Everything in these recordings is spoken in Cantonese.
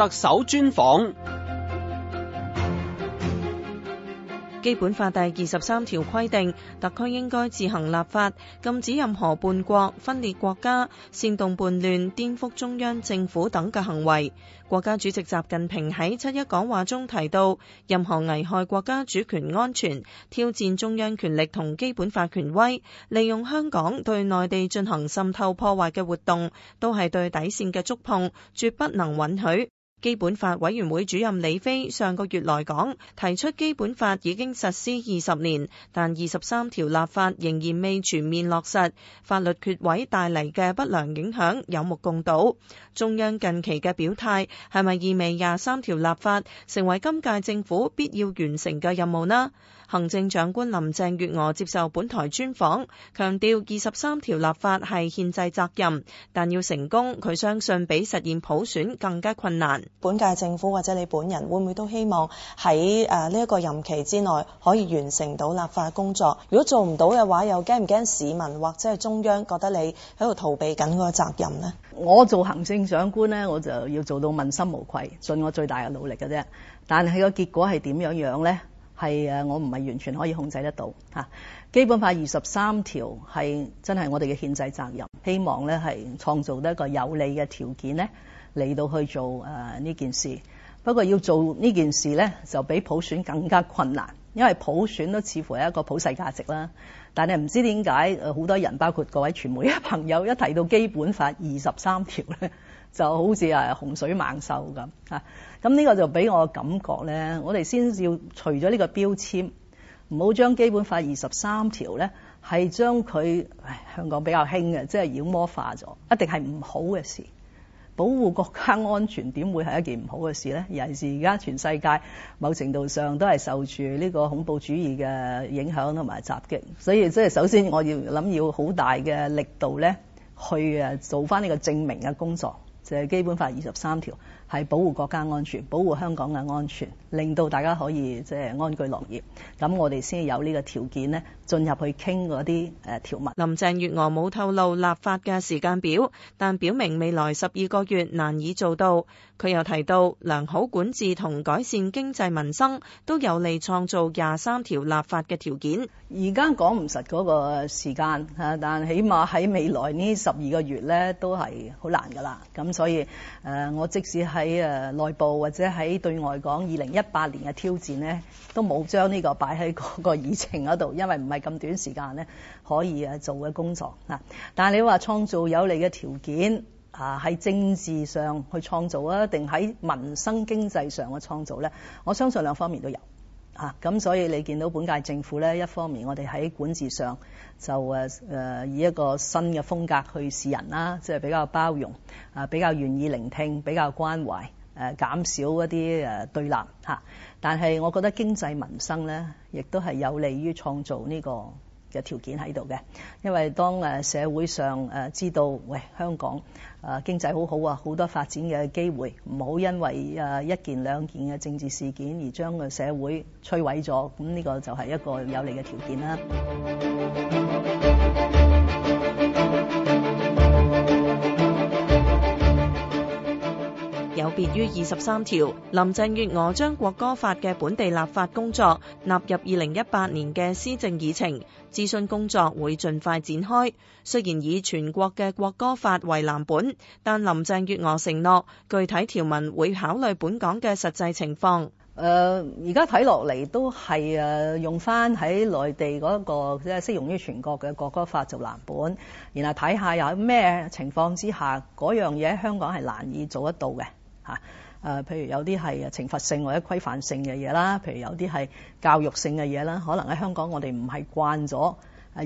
特首專訪，《基本法》第二十三條規定，特區應該自行立法，禁止任何叛國、分裂國家、煽動叛亂、顛覆中央政府等嘅行為。國家主席習近平喺七一講話中提到，任何危害國家主權安全、挑戰中央權力同《基本法》權威、利用香港對內地進行滲透破壞嘅活動，都係對底線嘅觸碰，絕不能允許。基本法委員會主任李飛上個月來港，提出，基本法已經實施二十年，但二十三條立法仍然未全面落實，法律缺位帶嚟嘅不良影響有目共睹。中央近期嘅表態係咪意味廿三條立法成為今屆政府必要完成嘅任務呢？行政長官林鄭月娥接受本台專訪，強調二十三條立法係憲制責任，但要成功，佢相信比實現普選更加困難。本屆政府或者你本人會唔會都希望喺誒呢一個任期之內可以完成到立法工作？如果做唔到嘅話，又驚唔驚市民或者係中央覺得你喺度逃避緊個責任呢？我做行政長官呢，我就要做到問心無愧，盡我最大嘅努力嘅啫。但係個結果係點樣樣呢？係誒，我唔係完全可以控制得到嚇。基本法二十三條係真係我哋嘅憲制責任，希望呢係創造得一個有利嘅條件呢。嚟到去做誒呢、呃、件事，不過要做呢件事呢，就比普選更加困難，因為普選都似乎係一個普世價值啦。但係唔知點解，好、呃、多人包括各位傳媒嘅朋友一提到基本法二十三條呢，就好似係、啊、洪水猛獸咁嚇。咁、啊、呢、呢個就俾我的感覺呢，我哋先要除咗呢個標籤，唔好將基本法二十三條呢，係將佢香港比較興嘅，即係妖魔化咗，一定係唔好嘅事。保護國家安全點會係一件唔好嘅事咧？尤其是而家全世界某程度上都係受住呢個恐怖主義嘅影響同埋襲擊，所以即係首先我想要諗要好大嘅力度咧，去誒做翻呢個證明嘅工作。就基本法二十三條，係保護國家安全、保護香港嘅安全，令到大家可以即係安居樂業。咁我哋先有呢個條件呢，進入去傾嗰啲誒條文。林鄭月娥冇透露立法嘅時間表，但表明未來十二個月難以做到。佢又提到良好管治同改善經濟民生都有利創造廿三條立法嘅條件。而家講唔實嗰個時間吓，但起碼喺未來呢十二個月呢，都係好難㗎啦。咁所以誒，我即使喺誒內部或者喺對外講二零一八年嘅挑戰呢，都冇將呢個擺喺嗰個議程嗰度，因為唔係咁短時間呢可以誒做嘅工作嗱。但係你話創造有利嘅條件啊，喺政治上去創造啊，定喺民生經濟上嘅創造呢？我相信兩方面都有。咁、啊、所以你見到本屆政府咧，一方面我哋喺管治上就誒、啊、以一個新嘅風格去示人啦、啊，即係比較包容，啊比較願意聆聽，比較關懷，誒、啊，減少一啲誒、啊、對立吓、啊。但係我覺得經濟民生咧，亦都係有利於創造呢、這個。嘅條件喺度嘅，因為當誒社會上誒知道，喂香港誒經濟好好啊，好多發展嘅機會，唔好因為誒一件兩件嘅政治事件而將個社會摧毀咗，咁呢個就係一個有利嘅條件啦。 有別於二十三條，林鄭月娥將國歌法嘅本地立法工作納入二零一八年嘅施政議程，諮詢工作會盡快展開。雖然以全國嘅國歌法為藍本，但林鄭月娥承諾具體條文會考慮本港嘅實際情況。誒、呃，而家睇落嚟都係誒用翻喺內地嗰，那個即係，就是，適用於全國嘅國歌法做藍本，然後睇下有咩情況之下嗰樣嘢喺香港係難以做得到嘅。啊！譬如有啲係誒懲罰性或者規範性嘅嘢啦，譬如有啲係教育性嘅嘢啦，可能喺香港我哋唔係慣咗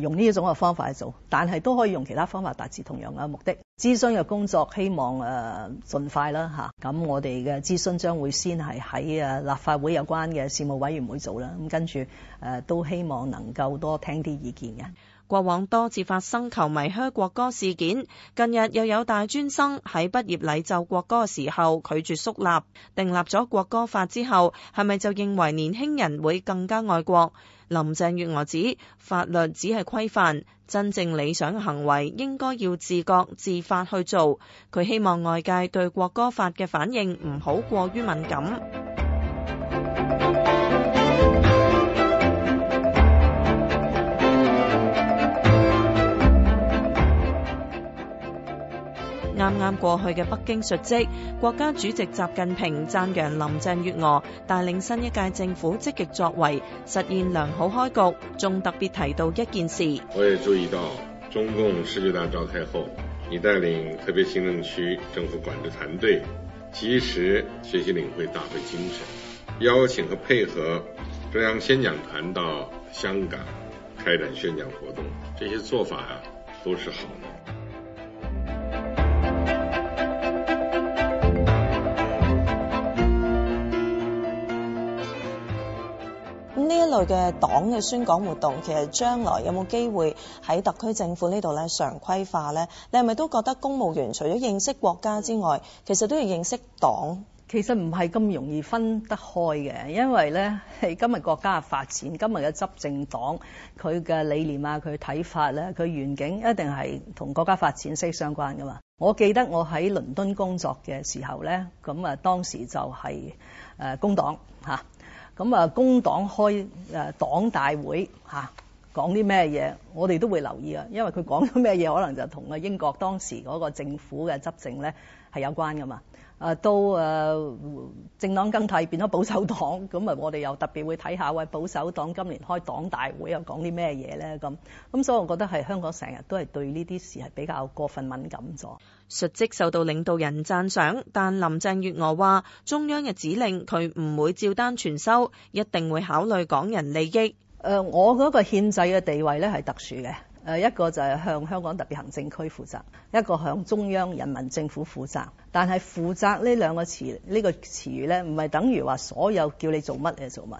用呢一種嘅方法去做，但係都可以用其他方法達至同樣嘅目的。諮詢嘅工作希望、啊、盡快啦嚇咁、啊、我哋嘅諮詢將會先係喺立法會有關嘅事務委員會做啦，咁、啊、跟住、啊、都希望能夠多聽啲意見嘅。過往多次發生球迷噓國歌事件，近日又有大專生喺畢業禮奏國歌嘅時候拒絕肅立。訂立咗國歌法之後，係咪就認為年輕人會更加愛國？林鄭月娥指法律只係規範，真正理想嘅行為應該要自覺、自發去做。佢希望外界對國歌法嘅反應唔好過於敏感。啱啱過去嘅北京述職，國家主席習近平讚揚林鄭月娥帶領新一屆政府積極作為，實現良好開局，仲特別提到一件事。我也注意到中共十九大召開後，你帶領特別行政區政府管治團隊，及時學習領會大會精神，邀請和配合中央宣講團到香港開展宣講活動，這些做法呀，都是好的。呢一類嘅黨嘅宣講活動，其實將來有冇機會喺特區政府這裡呢度咧常規化呢？你係咪都覺得公務員除咗認識國家之外，其實都要認識黨？其實唔係咁容易分得開嘅，因為呢，係今日國家嘅發展，今日嘅執政黨佢嘅理念啊、佢睇法呢，佢願景一定係同國家發展息息相關噶嘛。我記得我喺倫敦工作嘅時候呢，咁啊當時就係誒工黨嚇。咁啊，工黨開誒黨大會吓，啊，講啲咩嘢，我哋都會留意啊，因為佢講咗咩嘢，可能就同啊英國當時嗰個政府嘅執政咧係有關噶嘛。啊，都誒、呃，政黨更替變咗保守黨，咁啊，我哋又特別會睇下喂保守黨今年開黨大會又講啲咩嘢咧？咁，咁，所以我覺得係香港成日都係對呢啲事係比較過分敏感咗。述職受到領導人讚賞，但林鄭月娥話中央嘅指令佢唔會照單全收，一定會考慮港人利益。誒、呃，我嗰個憲制嘅地位咧係特殊嘅，一個就係向香港特別行政區負責，一個向中央人民政府負責。但係負責這兩詞、這個、詞呢兩個詞呢個詞語咧，唔係等於話所有叫你做乜你就做乜。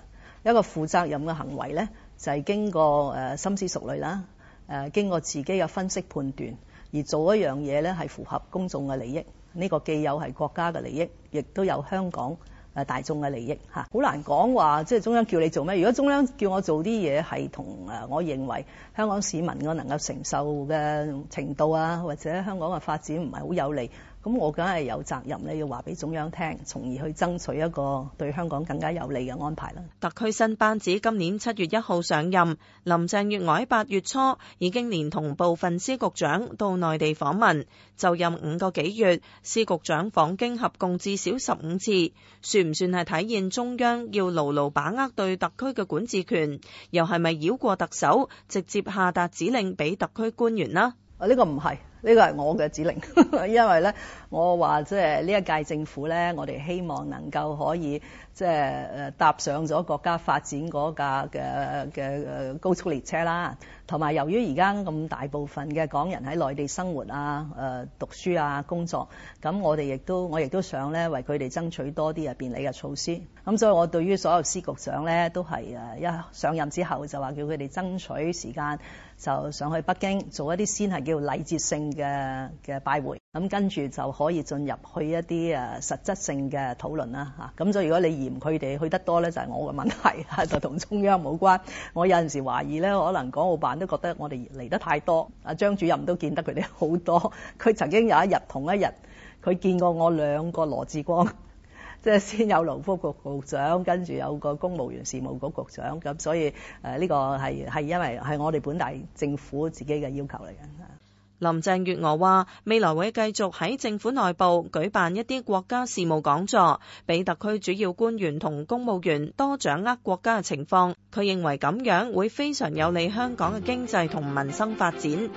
一個負責任嘅行為咧，就係、是、經過誒深思熟慮啦、呃，經過自己嘅分析判斷而做一樣嘢咧，係符合公眾嘅利益。呢、這個既有係國家嘅利益，亦都有香港，誒，大眾嘅利益吓，好難講話，即係中央叫你做咩？如果中央叫我做啲嘢係同誒，我認為香港市民我能夠承受嘅程度啊，或者香港嘅發展唔係好有利。咁我梗係有責任咧，要話俾中央聽，從而去爭取一個對香港更加有利嘅安排啦。特區新班子今年七月一號上任，林鄭月娥喺八月初已經連同部分司局長到內地訪問，就任五個幾月，司局長訪京合共至少十五次，算唔算係體現中央要牢牢把握對特區嘅管治權？又係咪繞過特首，直接下達指令俾特區官員呢？呢、啊呢個唔係。呢個係我嘅指令，因為咧，我話即係呢一屆政府咧，我哋希望能夠可以即係誒搭上咗國家發展嗰架嘅嘅誒高速列車啦。同埋由於而家咁大部分嘅港人喺內地生活啊、誒、呃、讀書啊、工作，咁我哋亦都我亦都想咧為佢哋爭取多啲啊便利嘅措施。咁所以我對於所有司局長咧都係誒一上任之後就話叫佢哋爭取時間就上去北京做一啲先係叫禮節性。嘅嘅拜會，咁跟住就可以進入去一啲誒實質性嘅討論啦嚇。咁所以如果你嫌佢哋去得多呢，就係、是、我嘅問題，就同中央冇關。我有陣時懷疑呢，可能港澳辦都覺得我哋嚟得太多。阿張主任都見得佢哋好多，佢曾經有一日同一日，佢見過我兩個羅志光，即、就、係、是、先有勞福局局，局長，跟住有個公務員事務局局，局長。咁所以誒呢個係係因為係我哋本大政府自己嘅要求嚟嘅。林鄭月娥話，未來會繼續喺政府內部舉辦一啲國家事務講座，俾特區主要官員同公務員多掌握國家嘅情況。佢認為咁樣會非常有利香港嘅經濟同民生發展。